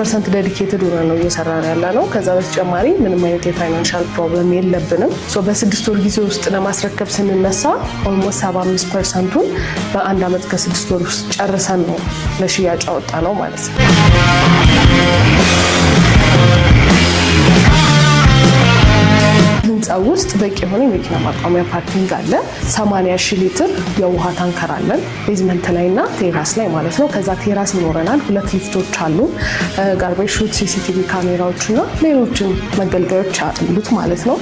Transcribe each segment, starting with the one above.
ፐርሰንት ዴዲኬትድ ሆነ ነው እየሰራ ያለ ነው። ከዛ በተጨማሪ ምንም አይነት የፋይናንሻል ፕሮብለም የለብንም። በስድስት ወር ጊዜ ውስጥ ለማስረከብ ስንነሳ ኦልሞስት 75 ፐርሰንቱን በአንድ ዓመት ከስድስት ወር ውስጥ ጨርሰን ነው ለሽያጭ አወጣ ነው ማለት ነው። ውስጥ በቂ የሆነ የመኪና ማቋሚያ ፓርኪንግ አለ። 80 ሺህ ሊትር የውሃ ታንከር አለን ቤዝመንት ላይ እና ቴራስ ላይ ማለት ነው። ከዛ ቴራስ ይኖረናል። ሁለት ሊፍቶች አሉ። ጋርቤጅ ሹት፣ ሲሲቲቪ ካሜራዎች እና ሌሎችን መገልገያዎች አሉት ማለት ነው።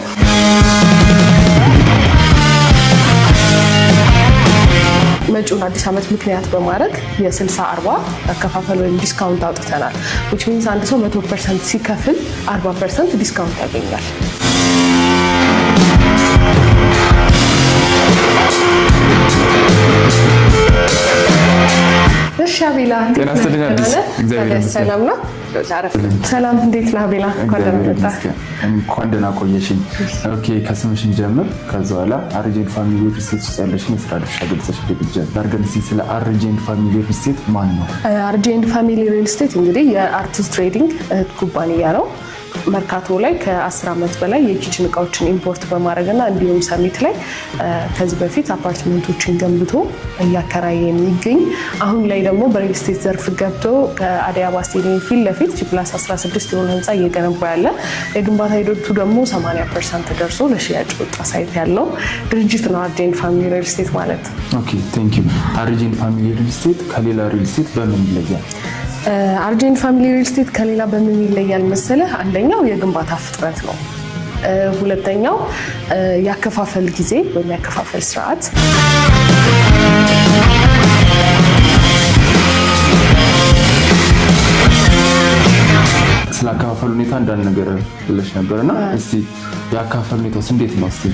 መጪውን አዲስ ዓመት ምክንያት በማድረግ የ60 40 አከፋፈል ወይም ዲስካውንት አውጥተናል። ዊች ሚንስ አንድ ሰው 100 ፐርሰንት ሲከፍል 40 ፐርሰንት ዲስካውንት ያገኛል። ጤና ይስጥልኝ አዲስ፣ እግዚአብሔር ይመስገን። ሰላም እንዴት ነህ አቤላ? እንኳን ደህና ቆየሽኝ። ኦኬ ከስምሽን ጀምር፣ ከዛ በኋላ አርጀንት ፋሚሊ ሪል ስቴት ውስጥ ያለሽን የስራ ድርሻ ገልጸሽ አድርገን እስኪ። ስለ አርጀንት ፋሚሊ ሪል ስቴት ማን ነው? አርጀንት ፋሚሊ ሪል ስቴት እንግዲህ የአርቲስት ትሬዲንግ እህት ኩባንያ ነው። መርካቶ ላይ ከ10 ዓመት በላይ የኪችን እቃዎችን ኢምፖርት በማድረግና እንዲሁም ሰሚት ላይ ከዚህ በፊት አፓርትመንቶችን ገንብቶ እያከራየ የሚገኝ አሁን ላይ ደግሞ በሪልስቴት ዘርፍ ገብቶ ከአዲስ አበባ ስቴዲየም ፊት ለፊት ጂፕላስ 16 የሆነ ህንፃ እየገነባ ያለ የግንባታ ሂደቱ ደግሞ 80 ፐርሰንት ደርሶ ለሽያጭ ወጣ ሳይት ያለው ድርጅት ነው አርጀንት ፋሚሊ ሪልስቴት ማለት። ኦኬ ቴንክ ዩ። አርጀንት ፋሚሊ ሪልስቴት ከሌላ ሪልስቴት በምን ይለያል? አርጀን ፋሚሊ ሪል ስቴት ከሌላ በምን ይለያል መሰለህ? አንደኛው የግንባታ ፍጥነት ነው። ሁለተኛው ያከፋፈል ጊዜ ወይም ያከፋፈል ስርዓት። ስለ አከፋፈል ሁኔታ አንዳንድ ነገር ብለሽ ነበር እና እስቲ የአከፋፈል ሁኔታ እንዴት ነው? እስቲ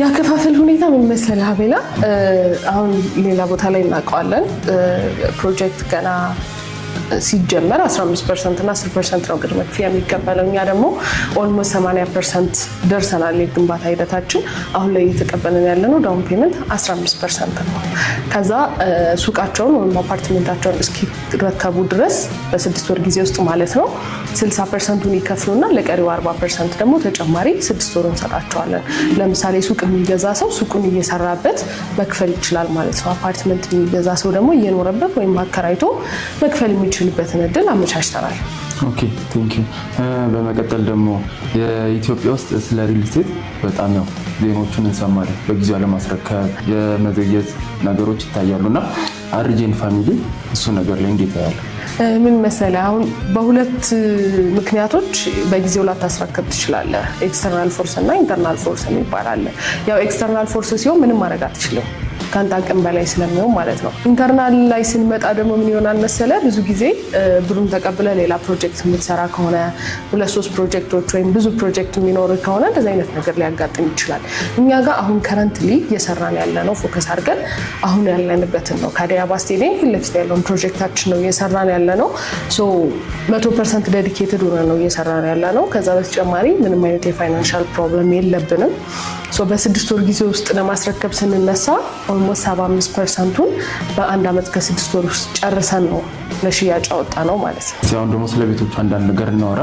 የአከፋፈል ሁኔታ ምን መሰለህ አቤላ፣ አሁን ሌላ ቦታ ላይ እናውቀዋለን ፕሮጀክት ገና ሲጀመር 15 ፐርሰንት እና 10 ፐርሰንት ነው ቅድመ ክፍያ የሚቀበለው። እኛ ደግሞ ኦልሞስት 80 ፐርሰንት ደርሰናል። የግንባታ ሂደታችን አሁን ላይ እየተቀበለን ያለ ነው። ዳውን ፔመንት 15 ፐርሰንት ነው። ከዛ ሱቃቸውን ወይም አፓርትሜንታቸውን እስኪረከቡ ድረስ በስድስት ወር ጊዜ ውስጥ ማለት ነው 60 ፐርሰንቱን ይከፍሉና ለቀሪው 40 ፐርሰንት ደግሞ ተጨማሪ ስድስት ወር እንሰጣቸዋለን። ለምሳሌ ሱቅ የሚገዛ ሰው ሱቁን እየሰራበት መክፈል ይችላል ማለት ነው። አፓርትመንት የሚገዛ ሰው ደግሞ እየኖረበት ወይም አከራይቶ መክፈል የሚ የሚችሉበትን እድል አመቻችተናል። ኦኬ ቴንክ ዩ። በመቀጠል ደግሞ የኢትዮጵያ ውስጥ ስለ ሪል ስቴት በጣም ያው ዜናዎቹን እንሰማለን። በጊዜው ለማስረከብ የመዘግየት ነገሮች ይታያሉ እና አርጄን ፋሚሊ እሱ ነገር ላይ እንዴት ያለ ምን መሰለ አሁን በሁለት ምክንያቶች በጊዜው ላታስረክብ ትችላለህ። ኤክስተርናል ፎርስ እና ኢንተርናል ፎርስ የሚባል አለ። ያው ኤክስተርናል ፎርስ ሲሆን ምንም ማድረግ አትችልም ከአንተ አቅም በላይ ስለሚሆን ማለት ነው። ኢንተርናል ላይ ስንመጣ ደግሞ ምን ይሆናል መሰለ፣ ብዙ ጊዜ ብሩን ተቀብለ ሌላ ፕሮጀክት የምትሰራ ከሆነ ሁለት ሶስት ፕሮጀክቶች ወይም ብዙ ፕሮጀክት የሚኖር ከሆነ እንደዚህ አይነት ነገር ሊያጋጥም ይችላል። እኛ ጋር አሁን ከረንትሊ እየሰራን ያለ ነው ፎከስ አድርገን አሁን ያለንበትን ነው። ከአዲያባ ስቴዲየም ፊት ለፊት ያለውን ፕሮጀክታችን ነው እየሰራን ያለ ነው። መቶ ፐርሰንት ዴዲኬትድ ሆነ ነው እየሰራን ያለ ነው። ከዛ በተጨማሪ ምንም አይነት የፋይናንሻል ፕሮብለም የለብንም። በስድስት ወር ጊዜ ውስጥ ለማስረከብ ስንነሳ ኦልሞስት 75 ፐርሰንቱን በአንድ ዓመት ከስድስት ወር ውስጥ ጨርሰን ነው ለሽያጭ አወጣ ነው ማለት ነው። አሁን ደግሞ ስለ ቤቶቹ አንዳንድ ነገር እናወራ።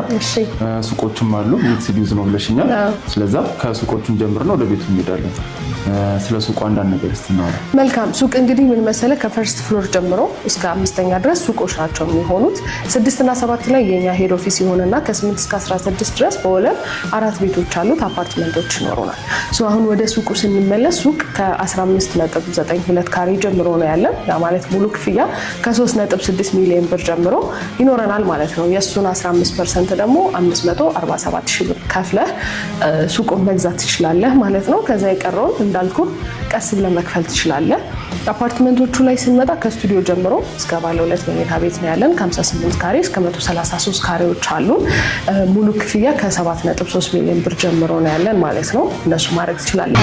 ሱቆችም አሉ ሚክስድ ዩዝ ነው ብለሽኛል። ስለዛ ከሱቆቹን ጀምር ነው ወደ ቤቱ እንሄዳለን። ስለ ሱቁ አንዳንድ ነገር እስኪ እናወራ። መልካም ሱቅ እንግዲህ ምን መሰለ ከፈርስት ፍሎር ጀምሮ እስከ አምስተኛ ድረስ ሱቆች ናቸው የሚሆኑት። ስድስት እና ሰባት ላይ የኛ ሄድ ኦፊስ የሆነና ከስምንት እስከ አስራ ስድስት ድረስ በወለም አራት ቤቶች አሉት አፓርትመንቶች ይኖሩናል። አሁን ወደ ሱቁ ስንመለስ ሱቅ ከ15 ነጥብ 92 ካሬ ጀምሮ ነው ያለን። ያ ማለት ሙሉ ክፍያ ከ3 ነጥብ 6 ሚሊዮን ብር ጀምሮ ይኖረናል ማለት ነው። የእሱን 15 ፐርሰንት ደግሞ 547 ሺህ ብር ከፍለህ ሱቁን መግዛት ትችላለህ ማለት ነው። ከዛ የቀረውን እንዳልኩ ቀስ ብለህ መክፈል ትችላለህ። አፓርትመንቶቹ ላይ ስንመጣ ከስቱዲዮ ጀምሮ እስከ ባለ ሁለት መኝታ ቤት ነው ያለን። ከ58 ካሬ እስከ 133 ካሬዎች አሉን። ሙሉ ክፍያ ከ7.3 ሚሊዮን ብር ጀምሮ ነው ያለን ማለት ነው። እነሱ ማድረግ ትችላለን።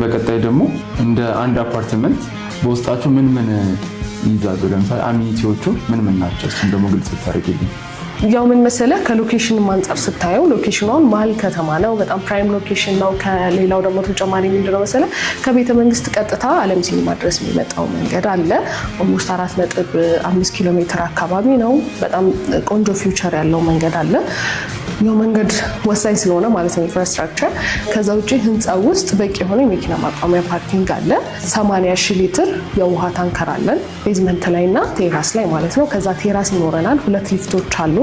በቀጣይ ደግሞ እንደ አንድ አፓርትመንት በውስጣችሁ ምን ምን ይዛሉ? ለምሳሌ አሚኒቲዎቹ ምን ምን ናቸው? እሱም ደግሞ ግልጽ ብታደርግልኝ። ያው ምን መሰለህ ከሎኬሽን አንጻር ስታየው ሎኬሽኗን መሀል ከተማ ነው። በጣም ፕራይም ሎኬሽን ነው። ከሌላው ደግሞ ተጨማሪ ምንድነው መሰለህ ከቤተ መንግስት ቀጥታ አለም ሲኒማ ድረስ የሚመጣው መንገድ አለ። ኦልሞስት አራት ነጥብ አምስት ኪሎ ሜትር አካባቢ ነው። በጣም ቆንጆ ፊውቸር ያለው መንገድ አለ። ያው መንገድ ወሳኝ ስለሆነ ማለት ነው ኢንፍራስትራክቸር። ከዛ ውጭ ህንፃ ውስጥ በቂ የሆነ የመኪና ማቋሚያ ፓርኪንግ አለ። 80 ሺህ ሊትር የውሃ ታንከር አለን ቤዝመንት ላይ እና ቴራስ ላይ ማለት ነው። ከዛ ቴራስ ይኖረናል። ሁለት ሊፍቶች አሉ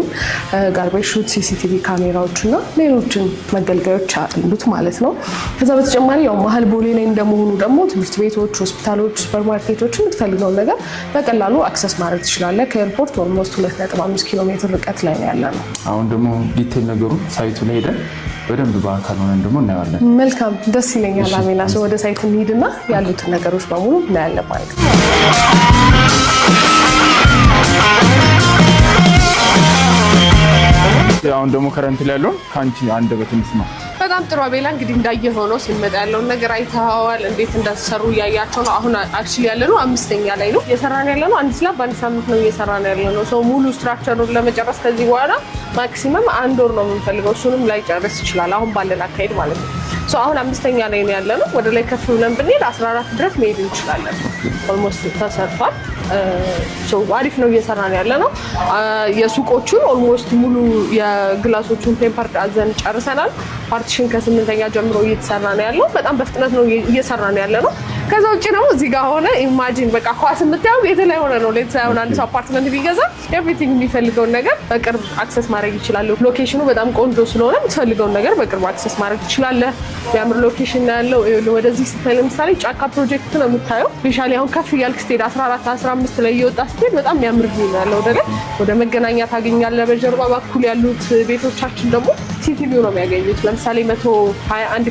ጋርቤጅ ሹት፣ ሲሲቲቪ ካሜራዎች እና ሌሎችን መገልገያዎች አሉት ማለት ነው። ከዛ በተጨማሪ ያው መሀል ቦሌ ላይ እንደመሆኑ ደግሞ ትምህርት ቤቶች፣ ሆስፒታሎች፣ ሱፐርማርኬቶች የምትፈልገውን ነገር በቀላሉ አክሰስ ማድረግ ትችላለህ። ከኤርፖርት ኦልሞስት 2.5 ኪሎ ሜትር ርቀት ላይ ነው ያለ ነው። አሁን ደግሞ ዲቴል ነገሩን ሳይቱ ላይ ሄደን በደንብ በአካል ሆነን ደግሞ እናየዋለን። መልካም ደስ ይለኛል። አሜላ ሰው ወደ ሳይቱ እንሂድና ያሉትን ነገሮች በሙሉ እናያለን ማለት ነው። አሁን ደግሞ ከረንት ላይ ያለውን ከአንቺ አንደበት እንስማ። በጣም ጥሩ አቤላ፣ እንግዲህ እንዳየ ሆኖ ሲመጣ ያለውን ነገር አይተዋል። እንዴት እንዳሰሩ እያያቸው ነው። አሁን አክቹዋሊ ያለ ነው አምስተኛ ላይ ነው ነው ያለ ነው። አንድ ስላ በአንድ ሳምንት ነው ነው ያለ ነው። ሰው ሙሉ ስትራክቸሩን ለመጨረስ ከዚህ በኋላ ማክሲመም አንድ ወር ነው የምንፈልገው። እሱንም ላይ ጨርስ ይችላል፣ አሁን ባለን አካሄድ ማለት ነው። አሁን አምስተኛ ላይ ነው ያለ ነው። ወደ ላይ ከፍ ብለን ብንሄድ አስራ አራት ድረስ መሄድ እንችላለን። ኦልሞስት ተሰርቷል። አሪፍ ነው እየሰራን ያለ ነው። የሱቆቹን ኦልሞስት ሙሉ የግላሶቹን ፔምፐር ዳዘን ጨርሰናል። ፓርቲሽን ከስምንተኛ ጀምሮ እየተሰራ ነው ያለው። በጣም በፍጥነት ነው እየሰራ ነው ያለ ነው። ከዛ ውጭ ደግሞ እዚህ ጋር ሆነ ኢማጂን በቃ ኳስ የምታየው ቤት ላይ ሆነ ነው። ሌት ሳይሆን አንድ ሰው አፓርትመንት ቢገዛ ኤቭሪቲንግ የሚፈልገውን ነገር በቅርብ አክሰስ ማድረግ ይችላሉ። ሎኬሽኑ በጣም ቆንጆ ስለሆነ የምትፈልገውን ነገር በቅርብ አክሰስ ማድረግ ትችላለህ። የሚያምር ሎኬሽን ያለው። ወደዚህ ስትል ለምሳሌ ጫካ ፕሮጀክት ነው የምታየው። ስፔሻሊ አሁን ከፍ እያልክ ስትሄድ 14 አምስት ላይ እየወጣ ስትሄድ በጣም የሚያምር ቪው ነው ያለው ወደ ወደ መገናኛ ታገኛለህ። በጀርባ በኩል ያሉት ቤቶቻችን ደግሞ ሲቲ ቪው ነው የሚያገኙት። ለምሳሌ መቶ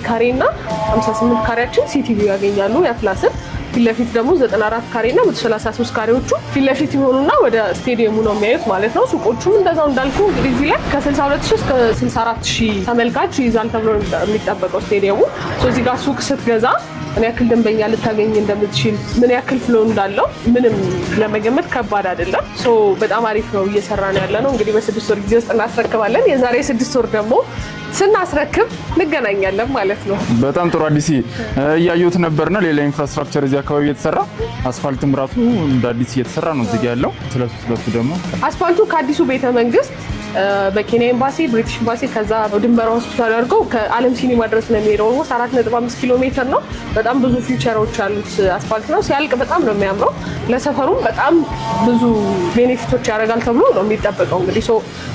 ካሬ እና 58 ካሬያችን ሲቲ ቪው ያገኛሉ የአትላስን ፊትለፊት ደግሞ 94 ካሬ እና 133 ካሬዎቹ ፊትለፊት የሆኑና ወደ ስቴዲየሙ ነው የሚያዩት ማለት ነው። ሱቆቹም እንደዛው እንዳልኩ እንግዲህ እዚህ ላይ ከ 62 እስከ 64 ተመልካች ይይዛል ተብሎ የሚጠበቀው ስቴዲየሙ እዚህ ጋር ሱቅ ስትገዛ ምን ያክል ደንበኛ ልታገኝ እንደምትችል ምን ያክል ፍሎ እንዳለው ምንም ለመገመት ከባድ አይደለም። ሶ በጣም አሪፍ ነው እየሰራ ነው ያለ ነው። እንግዲህ በስድስት ወር ጊዜ ውስጥ እናስረክባለን። የዛሬ ስድስት ወር ደግሞ ስናስረክብ እንገናኛለን ማለት ነው። በጣም ጥሩ አዲስ እያዩት ነበርና ሌላ ኢንፍራስትራክቸር እዚህ አካባቢ እየተሰራ አስፋልትም ራሱ እንደ አዲስ እየተሰራ ነው እዚህ ያለው። ስለሱ ስለሱ ደግሞ አስፋልቱ ከአዲሱ ቤተ መንግስት በኬንያ ኤምባሲ፣ ብሪቲሽ ኤምባሲ ከዛ ድንበር ሆስፒታል አድርገው ከአለም ሲኒማ ድረስ ነው የሚሄደው። ኦልሞስት አራት ነጥብ አምስት ኪሎ ሜትር ነው። በጣም ብዙ ፊውቸሮች ያሉት አስፋልት ነው። ሲያልቅ በጣም ነው የሚያምረው። ለሰፈሩም በጣም ብዙ ቤኔፊቶች ያደርጋል ተብሎ ነው የሚጠበቀው። እንግዲህ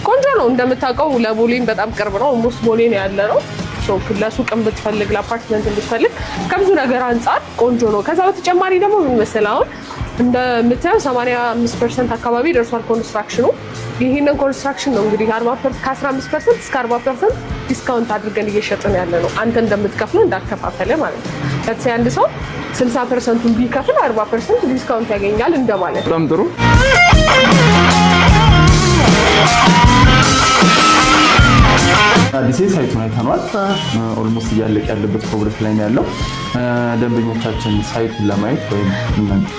ቆንጆ ነው። እንደምታውቀው ለቦሌም በጣም ቅርብ ነው ኦልሞስት ቦሌ ነው ያለ ነው። ለሱቅም ብትፈልግ ለአፓርትመንት ብትፈልግ ከብዙ ነገር አንጻር ቆንጆ ነው። ከዛ በተጨማሪ ደግሞ ምን መሰል አሁን እንደምታየው 85 ፐርሰንት አካባቢ ደርሷል ኮንስትራክሽኑ። ይህንን ኮንስትራክሽን ነው እንግዲህ ከ15 ፐርሰንት እስከ 40 ፐርሰንት ዲስካውንት አድርገን እየሸጥን ያለ ነው። አንተ እንደምትከፍለው እንዳከፋፈለ ማለት ነው። ለትሳ አንድ ሰው 60 ፐርሰንቱን ቢከፍል 40 ፐርሰንት ዲስካውንት ያገኛል እንደማለት በጣም ጥሩ አዲስ ሳይቱን አይተኗል። ኦልሞስት እያለቅ ያለበት ፕሮግረስ ላይ ነው ያለው። ደንበኞቻችን ሳይቱን ለማየት ወይም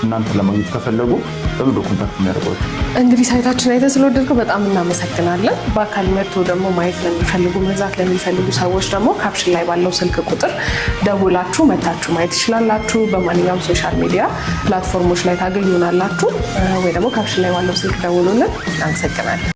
እናንተ ለማግኘት ከፈለጉ በምን ኮንታክት የሚያደርጓል? እንግዲህ ሳይታችን አይተ ስለወደድከው በጣም እናመሰግናለን። በአካል መጥቶ ደግሞ ማየት ለሚፈልጉ መግዛት ለሚፈልጉ ሰዎች ደግሞ ካፕሽን ላይ ባለው ስልክ ቁጥር ደውላችሁ መታችሁ ማየት ትችላላችሁ። በማንኛውም ሶሻል ሚዲያ ፕላትፎርሞች ላይ ታገኙናላችሁ፣ ወይ ደግሞ ካፕሽን ላይ ባለው ስልክ ደውሉልን። እናመሰግናለን።